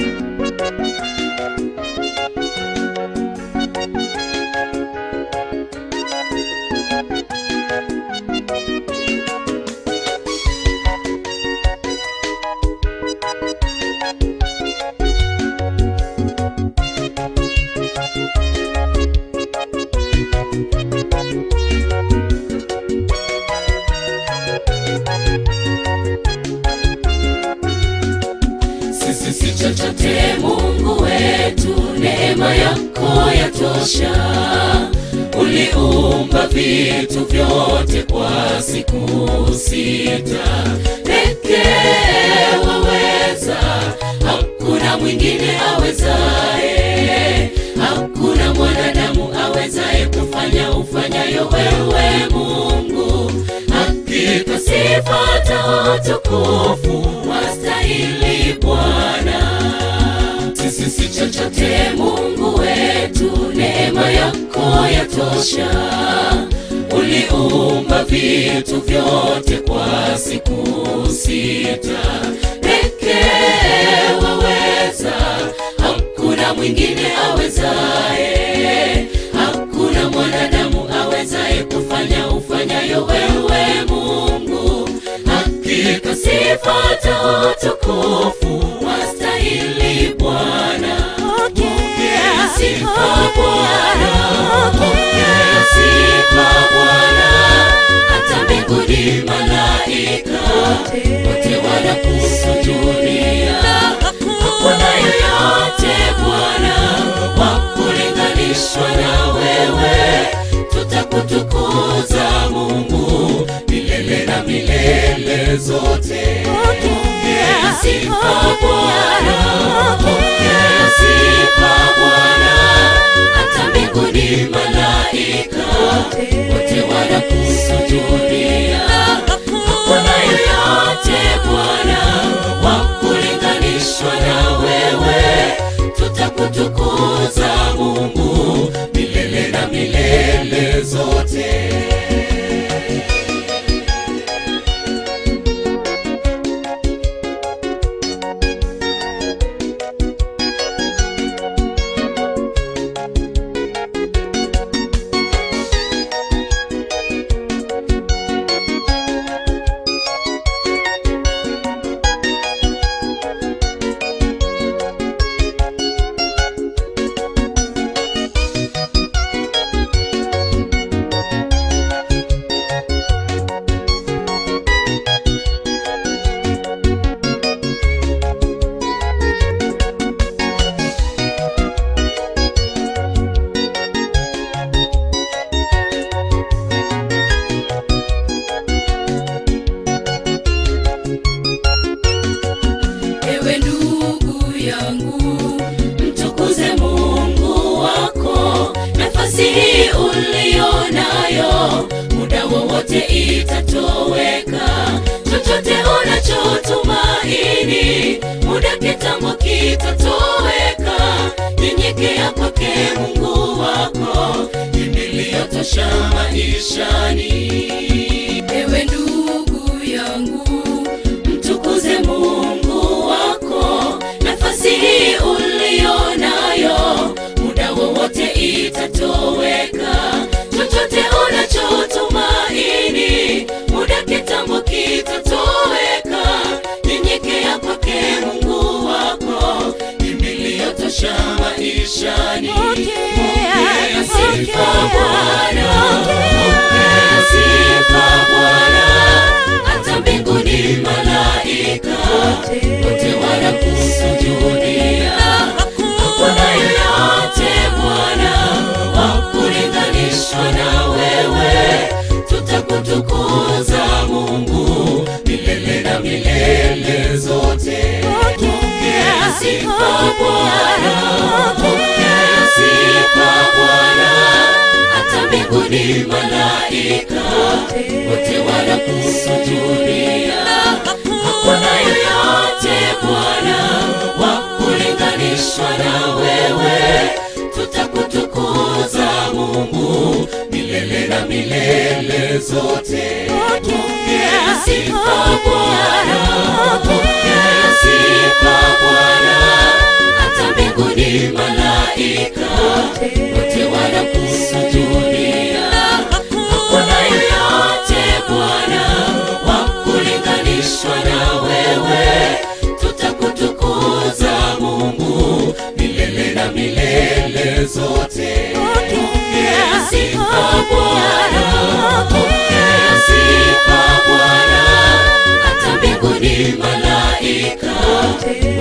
you yatosha. Uliumba vitu vyote kwa siku sita, pekee waweza, hakuna mwingine awezaye, hakuna mwanadamu awezaye kufanya ufanyayo wewe Mungu. Hakika sifa na utukufu wastahili yatosha. Uliumba vitu vyote kwa siku sita peke waweza, hakuna mwingine awezaye, hakuna mwanadamu awezaye kufanya ufanyayo wewe Mungu, hakika sifa tukiunganishwa na wewe tutakutukuza Mungu milele na milele zote. hata mbinguni malaika wote wanakusujudia. Lord, yeah. kitatoweka, chochote unachotumaini muda kitambo kitatoweka. Nyenyekea kwake Mungu wako, ni maishani. maishani. Pokea sifa Bwana, pokea sifa Bwana, hata mbinguni malaika ni malaika wote wanakusujudia. Hakuna yoyote Bwana wa kulinganishwa na wewe, tutakutukuza Mungu milele na milele zote. hata mbinguni malaika wote wanakusujudia i